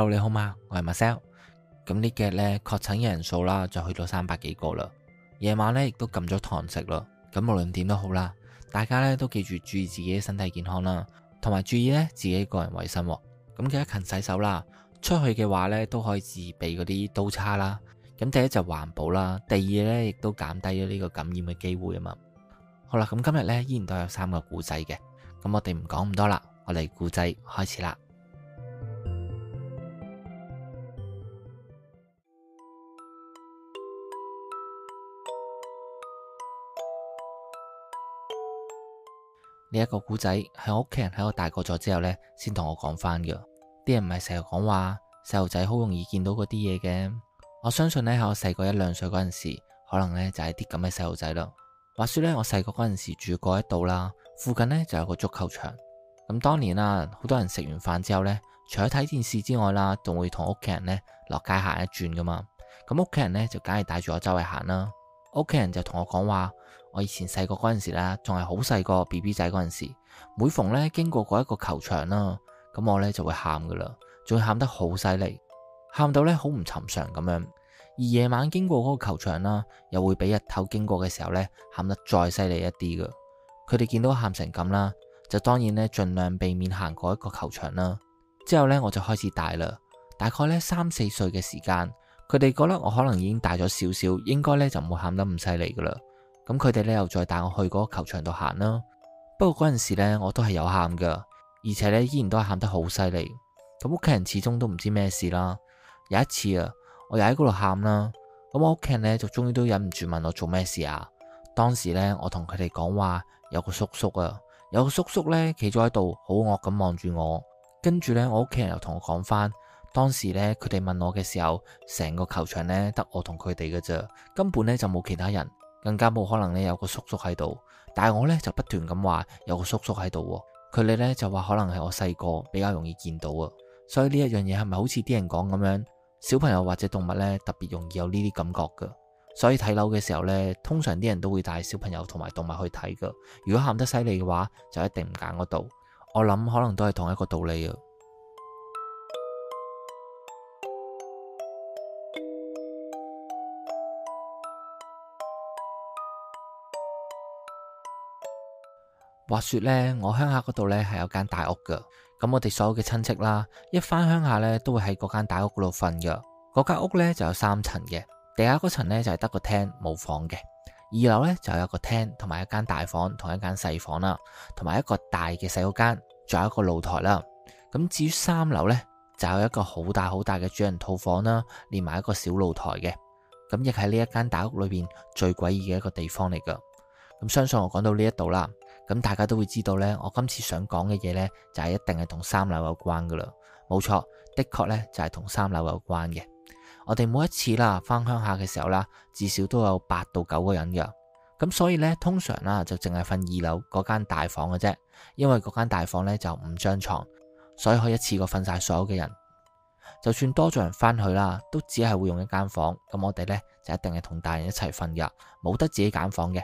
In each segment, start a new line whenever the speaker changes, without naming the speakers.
Hello, 你好嗎？我係 Marcel。咁呢幾日呢，確診嘅人數啦，就去到三百幾個啦。夜晚呢，亦都禁咗堂食啦。咁無論點都好啦，大家呢都記住注意自己嘅身體健康啦，同埋注意呢自己個人衛生。咁記得勤洗手啦。出去嘅話呢，都可以自備嗰啲刀叉啦。咁第一就環保啦，第二呢，亦都減低咗呢個感染嘅機會啊嘛。好啦，咁今日呢，依然都有三個故仔嘅。咁我哋唔講咁多啦，我哋故仔開始啦。呢一個古仔係我屋企人喺我大個咗之後呢，先同我講返嘅。啲人唔係成日講話細路仔好容易見到嗰啲嘢嘅。我相信呢，喺我細個一兩歲嗰陣時，可能呢就係啲咁嘅細路仔囉。話說呢，我細個嗰陣時住過一度啦，附近呢就有個足球場。咁當年啊，好多人食完飯之後呢，除咗睇電視之外啦，仲會同屋企人呢落街行一轉噶嘛。咁屋企人呢，就梗係帶住我周圍行啦。屋企人就同我講話，我以前細個嗰陣時呢，仲係好細個 BB 仔嗰陣時，每逢呢經過嗰一個球場啦，咁我呢就會喊噶啦，仲要喊得好犀利，喊到呢好唔尋常咁樣。而夜晚經過嗰個球場啦，又會比日頭經過嘅時候呢喊得再犀利一啲噶。佢哋見到喊成咁啦，就當然呢盡量避免行過一個球場啦。之後呢，我就開始大啦，大概呢三四歲嘅時間。佢哋覺得我可能已經大咗少少，應該呢就冇喊得咁犀利㗎喇。咁佢哋呢又再帶我去嗰個球場度行啦。不過嗰陣時呢，我都係有喊㗎，而且呢依然都係喊得好犀利。咁屋企人始終都唔知咩事啦。有一次啊，我又喺嗰度喊啦。咁我屋企人呢就終於都忍唔住問我做咩事啊？當時呢，我同佢哋講話，有個叔叔啊，有個叔叔呢企咗喺度好惡咁望住我，跟住呢，我屋企人又同我講返。當時咧，佢哋問我嘅時候，成個球場咧得我同佢哋嘅啫，根本咧就冇其他人，更加冇可能咧有個叔叔喺度。但係我咧就不斷咁話有個叔叔喺度，佢哋咧就話可能係我細個比較容易見到啊。所以呢一樣嘢係咪好似啲人講咁樣，小朋友或者動物咧特別容易有呢啲感覺噶？所以睇樓嘅時候咧，通常啲人都會帶小朋友同埋動物去睇噶。如果喊得犀利嘅話，就一定唔揀嗰度。我諗可能都係同一個道理啊。話說呢，我鄉下嗰度呢係有間大屋噶。咁我哋所有嘅親戚啦，一翻鄉下呢都會喺嗰間大屋嗰度瞓噶。嗰間屋呢就有三層嘅，地下嗰層呢就係得個廳冇房嘅，二樓呢就有一個廳同埋一間大房同一間細房啦，同埋一個大嘅洗手間，仲有一個露台啦。咁至於三樓呢，就有一個好大好大嘅主人套房啦，連埋一個小露台嘅。咁亦係呢一間大屋裏邊最詭異嘅一個地方嚟噶。咁相信我講到呢一度啦。咁大家都會知道呢，我今次想講嘅嘢呢，就係一定係同三樓有關噶啦，冇錯，的確呢，就係同三樓有關嘅。我哋每一次啦翻鄉下嘅時候啦，至少都有八到九個人嘅，咁所以呢，通常啦就淨係瞓二樓嗰間大房嘅啫，因為嗰間大房呢，就五張床，所以可以一次過瞓晒所有嘅人。就算多咗人翻去啦，都只係會用一間房，咁我哋呢，就一定係同大人一齊瞓噶，冇得自己揀房嘅。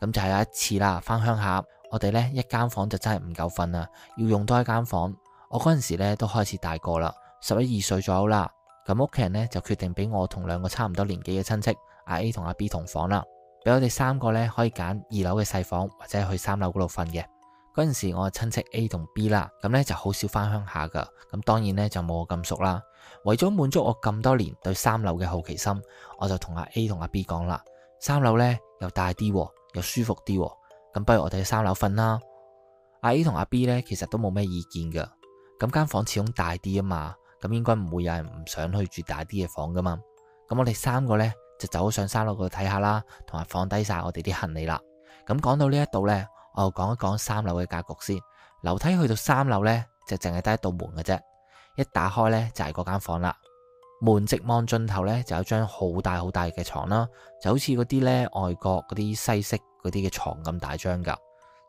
咁就係有一次啦，翻鄉下，我哋呢一間房間就真係唔夠瞓啦，要用多一間房間。我嗰陣時呢都開始大個啦，十一二歲左右啦。咁屋企人呢就決定俾我同兩個差唔多年紀嘅親戚阿 A 同阿 B 同房啦，俾我哋三個呢可以揀二樓嘅細房，或者去三樓嗰度瞓嘅。嗰陣時我嘅親戚 A 同 B 啦，咁呢就好少翻鄉下噶，咁當然呢就冇我咁熟啦。為咗滿足我咁多年對三樓嘅好奇心，我就同阿 A 同阿 B 講啦，三樓呢又大啲。又舒服啲，咁不如我哋去三樓瞓啦。阿 A 同阿 B 咧，其實都冇咩意見噶。咁間房始終大啲啊嘛，咁應該唔會有人唔想去住大啲嘅房噶嘛。咁我哋三個咧就走上三樓嗰度睇下啦，同埋放低晒我哋啲行李啦。咁講到呢一度咧，我又講一講三樓嘅格局先。樓梯去到三樓咧，就淨係得一道門嘅啫，一打開咧就係嗰間房啦。門即望盡頭呢，就有張好大好大嘅床啦，就好似嗰啲呢，外國嗰啲西式嗰啲嘅床咁大張噶，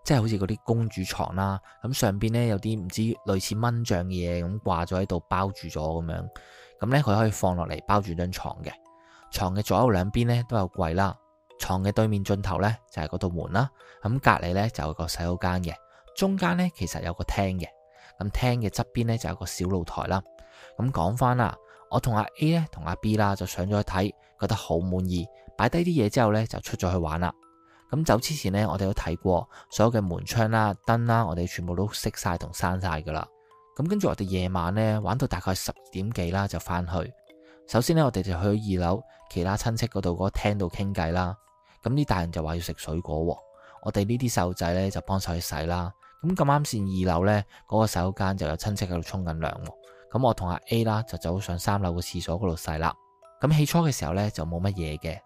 即係好似嗰啲公主床啦。咁上邊呢，有啲唔知類似蚊帳嘅嘢咁掛咗喺度，包住咗咁樣。咁呢，佢可以放落嚟包住張床嘅。床嘅左右兩邊呢，都有櫃啦。床嘅對面盡頭呢，就係嗰道門啦。咁隔離呢，就有個洗手間嘅。中間呢，其實有個廳嘅。咁廳嘅側邊呢，就有個小露台啦。咁講翻啦。我同阿 A 咧，同阿 B 啦，就上咗去睇，覺得好滿意，擺低啲嘢之後呢，就出咗去玩啦。咁走之前呢，我哋都睇過所有嘅門窗啦、燈啦，我哋全部都熄晒同閂晒噶啦。咁跟住我哋夜晚呢，玩到大概十點幾啦，就翻去。首先呢，我哋就去二樓其他親戚嗰度嗰個廳度傾偈啦。咁啲大人就話要食水果，我哋呢啲細路仔呢，就幫手去洗啦。咁咁啱先，二樓呢，嗰個洗手間就有親戚喺度沖緊涼。咁我同阿 A 啦就走上三樓嘅廁所嗰度洗啦。咁起初嘅時候呢，就冇乜嘢嘅，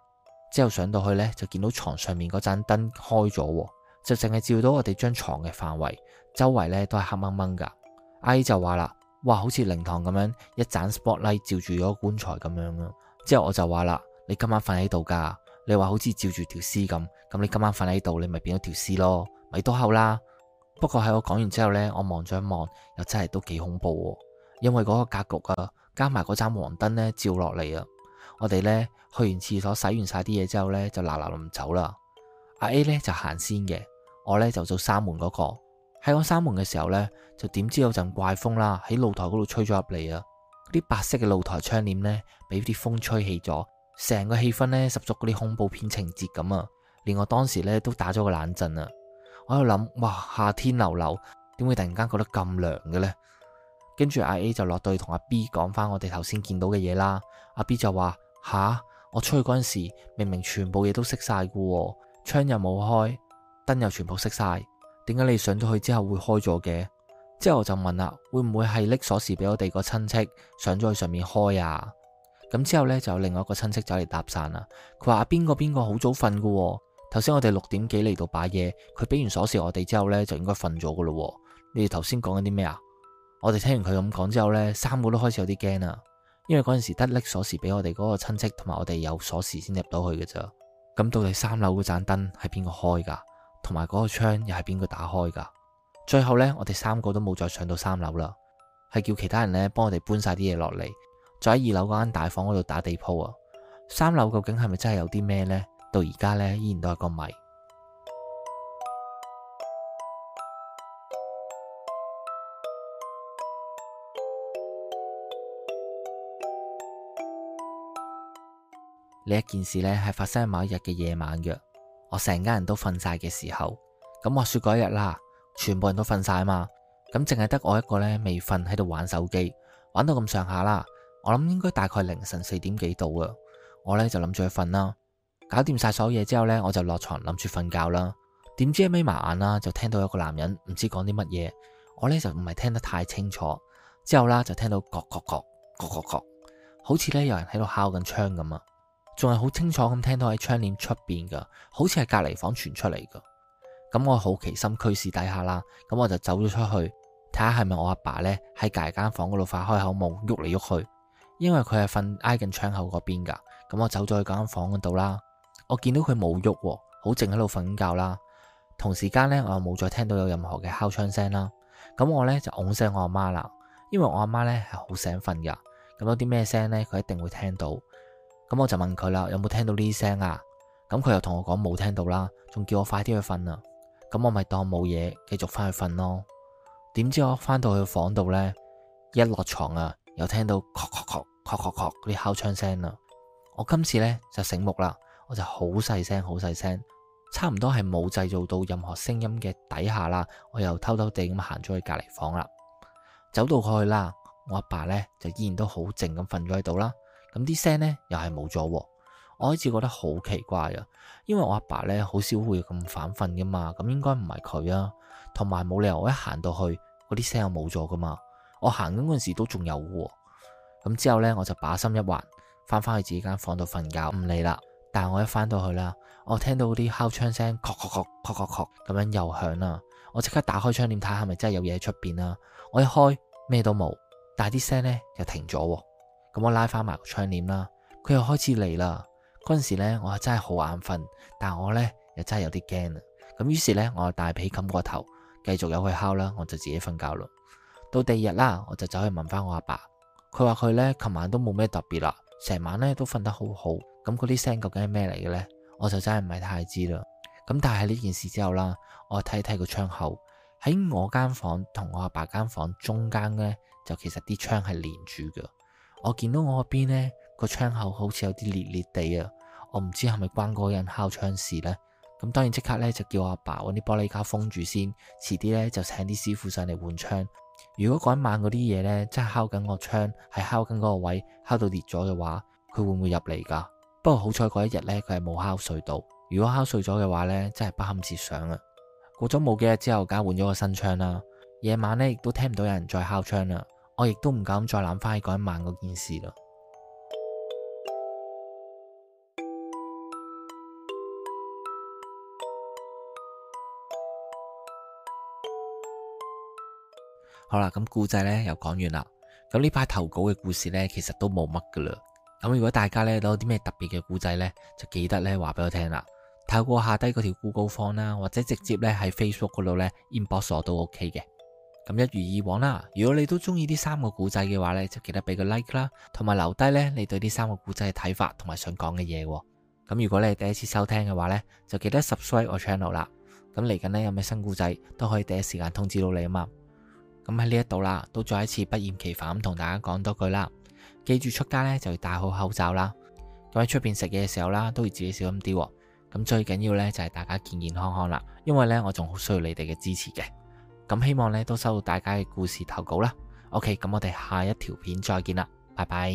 之後上到去呢，就見到床上面嗰盞燈開咗，就淨係照到我哋張床嘅範圍，周圍呢都係黑掹掹噶。阿 A 就話啦，哇，好似靈堂咁樣一盞 spot light 照住咗棺材咁樣。之後我就話啦，你今晚瞓喺度噶，你話好似照住條屍咁，咁你今晚瞓喺度，你咪變咗條屍咯，咪多口啦。不過喺我講完之後呢，我望咗一望，又真係都幾恐怖。因為嗰個格局啊，加埋嗰盞黃燈咧照落嚟啊，我哋咧去完廁所洗完晒啲嘢之後咧就嗱嗱臨走啦。阿 A 咧就行先嘅，我咧就做閂門嗰個。喺我閂門嘅時候咧，就點知有陣怪風啦，喺露台嗰度吹咗入嚟啊。啲白色嘅露台窗簾咧，俾啲風吹起咗，成個氣氛咧十足嗰啲恐怖片情節咁啊。連我當時咧都打咗個冷震啊。我喺度諗，哇，夏天流流，點會突然間覺得咁涼嘅咧？跟住阿 A 就落到去同阿 B 講翻我哋頭先見到嘅嘢啦，阿 B 就話：吓，我出去嗰陣時，明明全部嘢都熄晒噶，窗又冇開，燈又全部熄晒，點解你上咗去之後會開咗嘅？之後我就問啦，會唔會係拎鎖匙俾我哋個親戚上咗去上面開啊？咁之後呢，就有另外一個親戚走嚟搭訕啦，佢話：阿邊個邊個好早瞓噶喎。頭先我哋六點幾嚟到擺嘢，佢俾完鎖匙我哋之後呢，就應該瞓咗噶咯，你哋頭先講緊啲咩啊？我哋聽完佢咁講之後呢，三個都開始有啲驚啦，因為嗰陣時得拎鎖匙俾我哋嗰個親戚，同埋我哋有鎖匙先入到去嘅咋。咁到底三樓嗰盞燈係邊個開噶？同埋嗰個窗又係邊個打開噶？最後呢，我哋三個都冇再上到三樓啦，係叫其他人呢幫我哋搬晒啲嘢落嚟，再喺二樓嗰間大房嗰度打地鋪啊。三樓究竟係咪真係有啲咩呢？到而家呢，依然都係個謎。呢一件事呢，係發生喺某一日嘅夜晚嘅。我成家人都瞓晒嘅時候，咁話說嗰一日啦，全部人都瞓晒吖嘛，咁淨係得我一個呢，未瞓喺度玩手機，玩到咁上下啦。我諗應該大概凌晨四點幾到啊。我呢就諗住去瞓啦，搞掂晒所有嘢之後呢，我就落床諗住瞓覺啦。點知一眯埋眼啦，就聽到有個男人唔知講啲乜嘢，我呢就唔係聽得太清楚。之後啦，就聽到咯咯咯咯咯咯，好似呢有人喺度敲緊窗咁啊。仲係好清楚咁聽到喺窗簾出邊噶，好似係隔籬房傳出嚟噶。咁我好奇心驅使底下啦，咁我就走咗出去睇下係咪我阿爸呢喺隔間房嗰度發開口夢喐嚟喐去，因為佢係瞓挨近窗口嗰邊噶。咁我走咗去嗰間房嗰度啦，我見到佢冇喐，好靜喺度瞓緊覺啦。同時間呢，我又冇再聽到有任何嘅敲窗聲啦。咁我呢就㧬醒我阿媽啦，因為我阿媽呢係好醒瞓噶，咁有啲咩聲呢？佢一定會聽到。咁我就問佢啦，有冇聽到呢聲啊？咁佢又同我講冇聽到啦，仲叫我快啲去瞓啊！咁我咪當冇嘢，繼續翻去瞓咯。點知我翻到去房度呢，一落床啊，又聽到咔咔咔咔咔咔嗰啲敲窗聲啦。我今次呢就醒目啦，我就好細聲好細聲，差唔多係冇製造到任何聲音嘅底下啦，我又偷偷地咁行咗去隔離房啦。走到過去啦，我阿爸呢就依然都好靜咁瞓咗喺度啦。咁啲聲呢又係冇咗，我開始覺得好奇怪啊，因為我阿爸呢好少會咁反瞓噶嘛，咁應該唔係佢啊，同埋冇理由我一行到去嗰啲聲又冇咗噶嘛，我行緊嗰陣時都仲有噶。咁之後呢，我就把心一橫，翻翻去自己間房度瞓覺唔理啦。但係我一翻到去啦，我聽到啲敲窗聲，咵咵咵咵咵咵咁樣又響啦，我即刻打開窗簾睇下係咪真係有嘢喺出邊呀。我一開咩都冇，但係啲聲呢又停咗。我拉翻埋個窗簾啦，佢又開始嚟啦。嗰陣時呢，我真係好眼瞓，但我呢，又真係有啲驚啦。咁於是呢，我大被冚過頭，繼續由佢敲啦，我就自己瞓覺咯。到第二日啦，我就走去問翻我阿爸，爸，佢話佢呢，琴晚都冇咩特別啦，成晚呢都瞓得好好。咁嗰啲聲究竟係咩嚟嘅呢？我就真係唔係太知啦。咁但係呢件事之後啦，我睇睇個窗口喺我間房同我阿爸間房間中間呢，就其實啲窗係連住嘅。我見到我嗰邊呢個窗口好似有啲裂裂地啊！我唔知係咪關嗰個人敲窗事呢。咁當然即刻呢，就叫我阿爸搵啲玻璃膠封住先，遲啲呢，就請啲師傅上嚟換窗。如果嗰一晚嗰啲嘢呢，真係敲緊個窗，係敲緊嗰個位，敲到裂咗嘅話，佢會唔會入嚟噶？不過好彩嗰一日呢，佢係冇敲碎到。如果敲碎咗嘅話呢，真係不堪設想啊！過咗冇幾日之後，梗係換咗個新窗啦，夜晚呢，亦都聽唔到有人再敲窗啦。我亦都唔敢再諗翻起嗰一晚嗰件事咯。好啦，咁故仔呢又講完啦。咁呢排投稿嘅故事呢，其實都冇乜噶啦。咁如果大家呢有啲咩特別嘅故仔呢，就記得呢話俾我聽啦。透過下低嗰條 Google Form 啦，或者直接呢喺 Facebook 嗰度呢 inbox 我都 OK 嘅。咁一如以往啦，如果你都中意呢三個古仔嘅話呢，就記得俾個 like 啦，同埋留低呢你對呢三個古仔嘅睇法同埋想講嘅嘢。咁如果你第一次收聽嘅話呢，就記得 subscribe 我 channel 啦。咁嚟緊呢，有咩新故仔都可以第一時間通知到你啊嘛。咁喺呢一度啦，都再一次不厭其煩咁同大家講多句啦。記住出街呢就要戴好口罩啦。咁喺出邊食嘢嘅時候啦，都要自己小心啲。咁、嗯、最緊要呢就係大家健健康康啦，因為呢我仲好需要你哋嘅支持嘅。咁希望呢都收到大家嘅故事投稿啦。OK，咁我哋下一條片再見啦，拜拜。